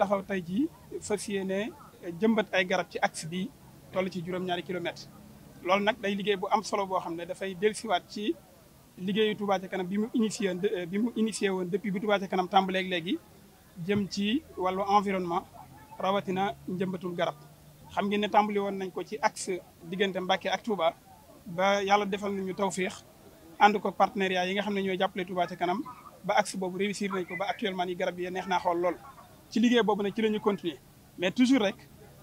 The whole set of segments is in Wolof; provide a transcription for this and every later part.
taxaw tay ji fassiyene jëmbat ay garab ci axe bi toll ci juroom ñaari kilomètre lool nak day liggéey bu am solo boo xam ne dafay dellusiwaat ci liggéeyu Touba ci kanam bi mu initié bi mu initié won depuis bi Touba ci kanam ak légui jëm ci walu environnement rawatina njëmbatum garab xam ngeen ne tàmbali won nañ ko ci axe digënté mbacké ak Touba ba yalla defal nañu tawféex and ko partenariat yi nga xam ñoy jappalé jàppale Touba kanam ba axe bobu réussir nañ ko ba actuellement ni garab yi neex na xol lool. ci liggéey boobu nag ci la ñu continuer mais toujours rek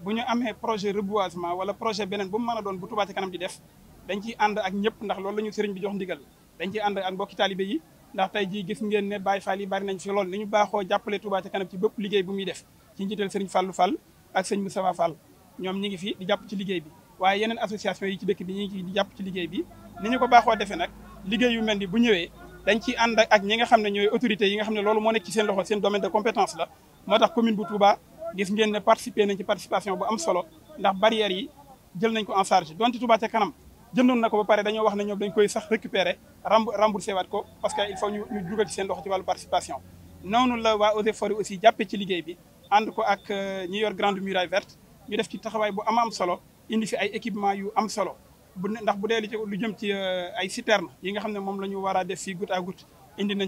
bu ñu amee projet reboisement wala projet beneen bu mu mën a doon bu Touba ca kanam di def dañ ciy ànd ak ñëpp ndax loolu la ñu sëriñ bi jox ndigal dañ ciy ànd ak mbokki taalibe yi ndax tey jii gis ngeen ne Baye Fall yi bari nañ ci loolu ni ñu baaxoo jàppale Touba ca kanam ci bépp liggéey bu muy def ci njiital sëriñ Fallu Fall ak sëriñ Moussa Fall ñoom ñi ngi fi di jàpp ci liggéey bi waaye yeneen association yi ci dëkk bi ñi ngi di jàpp ci liggéey bi ni ñu ko baaxoo defee nag liggéey yu mel ni bu ñëwee dañ ci ànd ak ñi nga xam ne ñooy autorités yi nga xam ne loolu moo nekk ci seen loxo seen domaine de compétence la moo tax commune bu Touba gis ngeen ne participer nañ ci participation bu am solo ndax barrières yi jël nañ ko en charge donte Touba ca kanam jëndoon na ko ba pare dañoo wax ne dañ koy sax récupérer remboursé waat ko parce que il faut ñu ñu dugal ci seen loxo ci wàllu participation. noonu la waa Eaux et Forêts aussi jàppee ci liggéey bi ànd ko ak euh, ñi yor grande muraille vert ñu def ci taxawaay bu am am solo indi fi ay équipement yu am solo bu ndax bu dee lu jëm ci euh, ay citerne yi nga xam ne moom la ñu war a def fii goutte à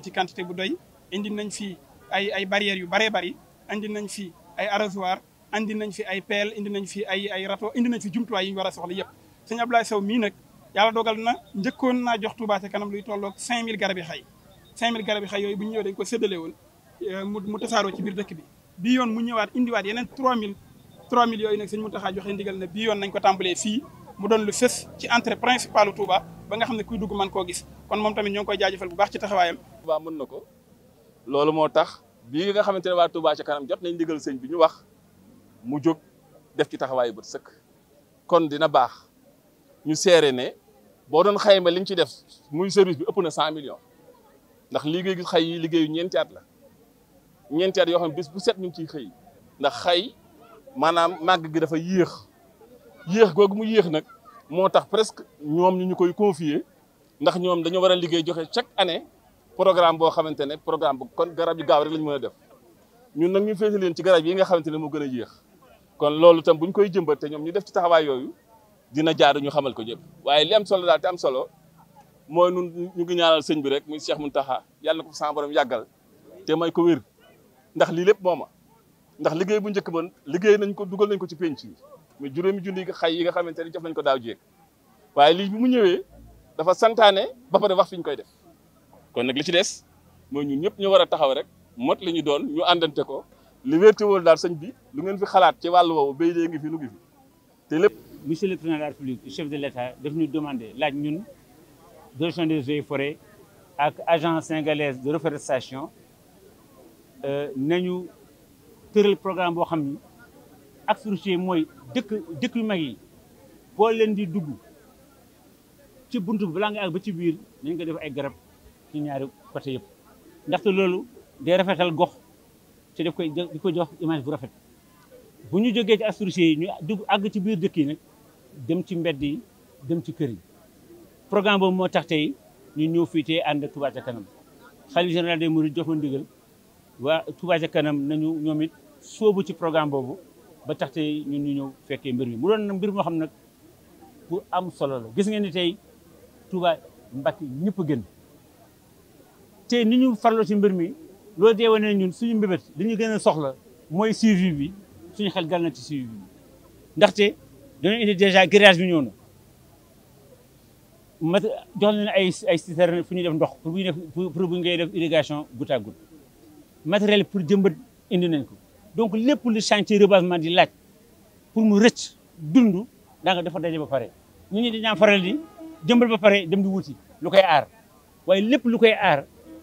ci quantité bu doy indi nañ fi ay ay barrières yu baree bari. indi nañ fi ay arrosoir andi nañ fi ay peel indi nañ fi ay ay râteau indi nañ fi jumtuwaay yi ñu war a soxla yëpp sëñ Abdoulaye Sow mii nag yàlla dogal na njëkkoon naa jox Touba ca kanam luy tolloog 5000 garabi xay 5000 garabi xay yooyu bu ñu ñëwee dañ ko séddale woon euh, mu tasaaroo ci biir dëkk bi bii yoon mu ñëwaat indiwaat yeneen 3000 3000 yooyu nag sëñ Mountakha joxe ndigal na bii yoon nañ ko tàmbalee fii mu doon lu fës ci entrée principale ba nga xam ne kuy dugg mën koo gis kon moom tamit ñoo ngi koy jaajëfal bu baax ci taxawaayam. Touba na ko loolu moo tax bii nga xamante ne waa tubaa ca kanam jot nañ ndigal sëñ bi ñu wax mu jóg def ci taxawaayu bët sëkk kon dina baax ñu seere ne boo doon ma liñ ci def muy service bi ëpp na cent million ndax liggéey liggéeyu xay yi liggéeyu ñeenti la ñeenti yoo xam ne bis bu set ñu ngi ciy xëy ndax xay maanaam màgg gi dafa yéex yéex googu mu yéex nag moo tax presque ñoom ñu ñu koy confier ndax ñoom dañoo war a liggéey joxe chaque année programme boo xamante ne programme bu kon garab yu gaaw rek lañu mën ñun nag ñu féete leen ci garab yi nga xamante ne mu gën a yéex kon loolu tam bu ñu koy jëmbat ñoom ñu def ci taxawaay yooyu dina jaaru ñu xamal ko ñëpp waaye li solo daal am solo mooy nun ñu ngi ñaanal sëñ bi rek muy Cheikh Mountakha yàlla na ko yàggal te may ko wér ndax lii lépp mooma ndax liggéey bu njëkk ba liggéey nañ ko dugal nañ ko ci penc yi mais juróomi junni xay yi nga xamante ne def nañ ko daaw jéeg waaye lii bi mu ñëwee dafa santaane ba pare wax fi koy def kon nag li ci des mooy ñu ñëpp ñu war a taxaw rek mot li ñu doon ñu àndante ko li wérte woon daal sëñ bi lu ngeen fi xalaat ci wàllu woo béy dee ngi fi nu ngi fi te lépp. monsieur le président de la république chef de l' état daf ñu demander laaj ñun de des eaux et forêts ak agence sénégalaise de reforestation euh, nañu tëral programme boo xam ni axe routier mooy dëkk dëkk yu mag yi boo leen di dugg ci bunt bi balaa nga àgg ba ci biir nañ ko def ay garab. ci ñaari côté yëpp ndaxte loolu day rafetal gox te daf koy ko jox image bu rafet bu ñu jógee ci assurés yi ñu dugg àgg ci biir dëkk yi nag dem ci mbedd yi dem ci kër yi programme boobu moo tax tey ñu ñëw fii tey ànd ak Touba kanam xalifa général des mu jox ma ndigal waa Touba kanam nañu ñoom it sóobu ci programme boobu ba tax tey ñun ñu ñëw fekkee mbir mi mu doon mbir moo xam nag bu am solo la gis ngeen ni tey Touba Mbàkke ñëpp a te ni ñu farloo ci mbir mi loolu dee wane ñun suñu mbébét li ñu gën a soxla mooy suivi bi suñu xel dal na ci bi ndaxte dañoo indi dèjà grillage bi ñëw na mat jox leen ay ay citerne fu ñuy def ndox pour bu def pour bu ngay def irrigation goutte à goutte matériel pour jëmbat indi nañ ko donc lépp lu chantier reboisement di laaj pour mu rëcc dund daa nga dafa daje ba pare ñu ñi dañaa faral di jëmbat ba pare dem di wuti lu koy aar waaye lépp lu koy aar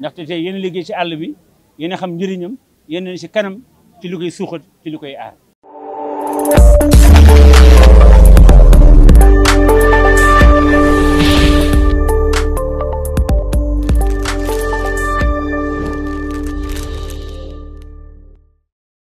ndaxte tey yéen liggéey ci àll bi yéen a xam njëriñam yéen a ci kanam ci lu koy suuxat ci lu koy aar